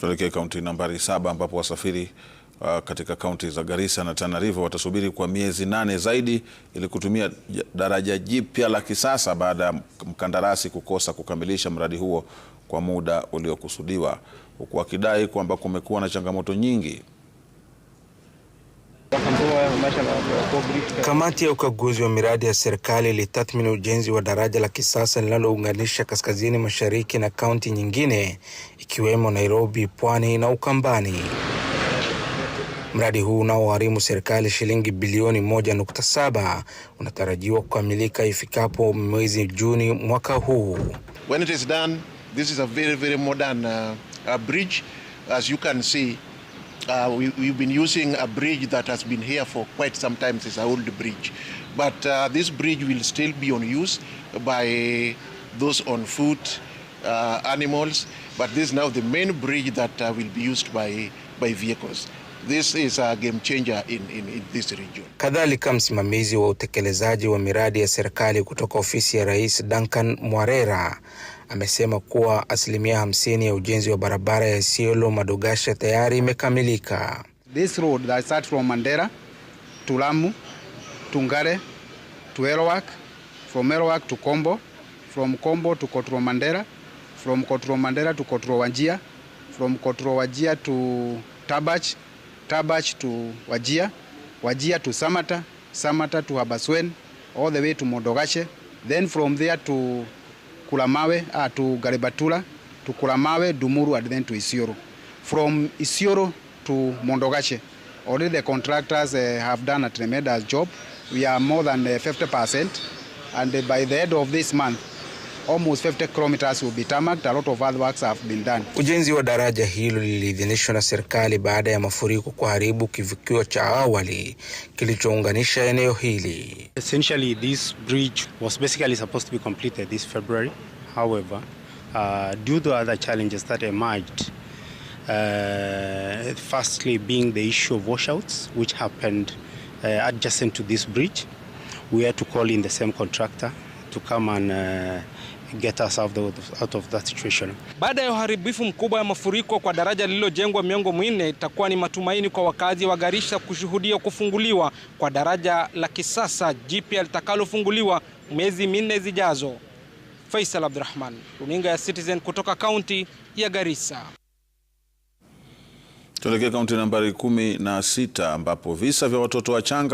Tuelekee kaunti nambari saba ambapo wasafiri uh, katika kaunti za Garissa na Tana River watasubiri kwa miezi nane zaidi ili kutumia daraja jipya la kisasa baada ya mkandarasi kukosa kukamilisha mradi huo kwa muda uliokusudiwa, huku wakidai kwamba kumekuwa na changamoto nyingi. Kamati ya ukaguzi wa miradi ya serikali ilitathmini ujenzi wa daraja la kisasa linalounganisha kaskazini mashariki na kaunti nyingine ikiwemo Nairobi, Pwani na Ukambani. Mradi huu unaogharimu serikali shilingi bilioni 1.7 unatarajiwa kukamilika ifikapo mwezi Juni mwaka huu. When it is done, this is a very, very modern, uh, uh bridge, as you can see. Uh, we, we've been using a bridge that has been here for quite some time. It's an old bridge. But uh, this bridge will still be on use by those on foot, uh, animals. But this is now the main bridge that uh, will be used by, by vehicles. This is a game changer in, in, in this region. Kadhalika, msimamizi wa utekelezaji wa miradi ya serikali kutoka ofisi ya Rais Duncan Mwarera amesema kuwa asilimia hamsini ya ujenzi wa barabara ya Isiolo Madogasha tayari imekamilika. This road that from Mandera to Lamu to Ngare to Elowak from Elowak to Kombo from Kombo to Kotro Mandera from Kotro Mandera to Kotro Wajia from Kotro Wajia to Tabach Tabach to Wajia Wajia to Samata Samata to Habaswen all the way to Modogashe then from there to Kula Mawe uh, ah, to Garibatula to Kula Mawe, Dumuru, and then to Isioro. From Isioro to Mondogache, already the contractors uh, have done a tremendous job. We are more than 50%, eh, and by the end of this month, almost 50 kilometers will be tarmacked. A lot of other works have been done. Ujenzi wa daraja hilo liliidhinishwa na serikali baada ya mafuriko kuharibu kivukio cha awali kilichounganisha eneo hili. Essentially this bridge was basically supposed to be completed this February. However, uh, due to other challenges that emerged uh, firstly being the issue of washouts which happened uh, adjacent to this bridge we had to call in the same contractor to come and uh, get us out of that situation. Baada ya uharibifu mkubwa ya mafuriko kwa daraja lililojengwa miongo minne, itakuwa ni matumaini kwa wakazi wa Garissa kushuhudia kufunguliwa kwa daraja la kisasa jipya litakalofunguliwa miezi minne zijazo. Faisal Abdurrahman, Runinga ya Citizen kutoka kaunti ya Garissa. Tuelekee kaunti nambari kumi na sita ambapo visa vya watoto wachanga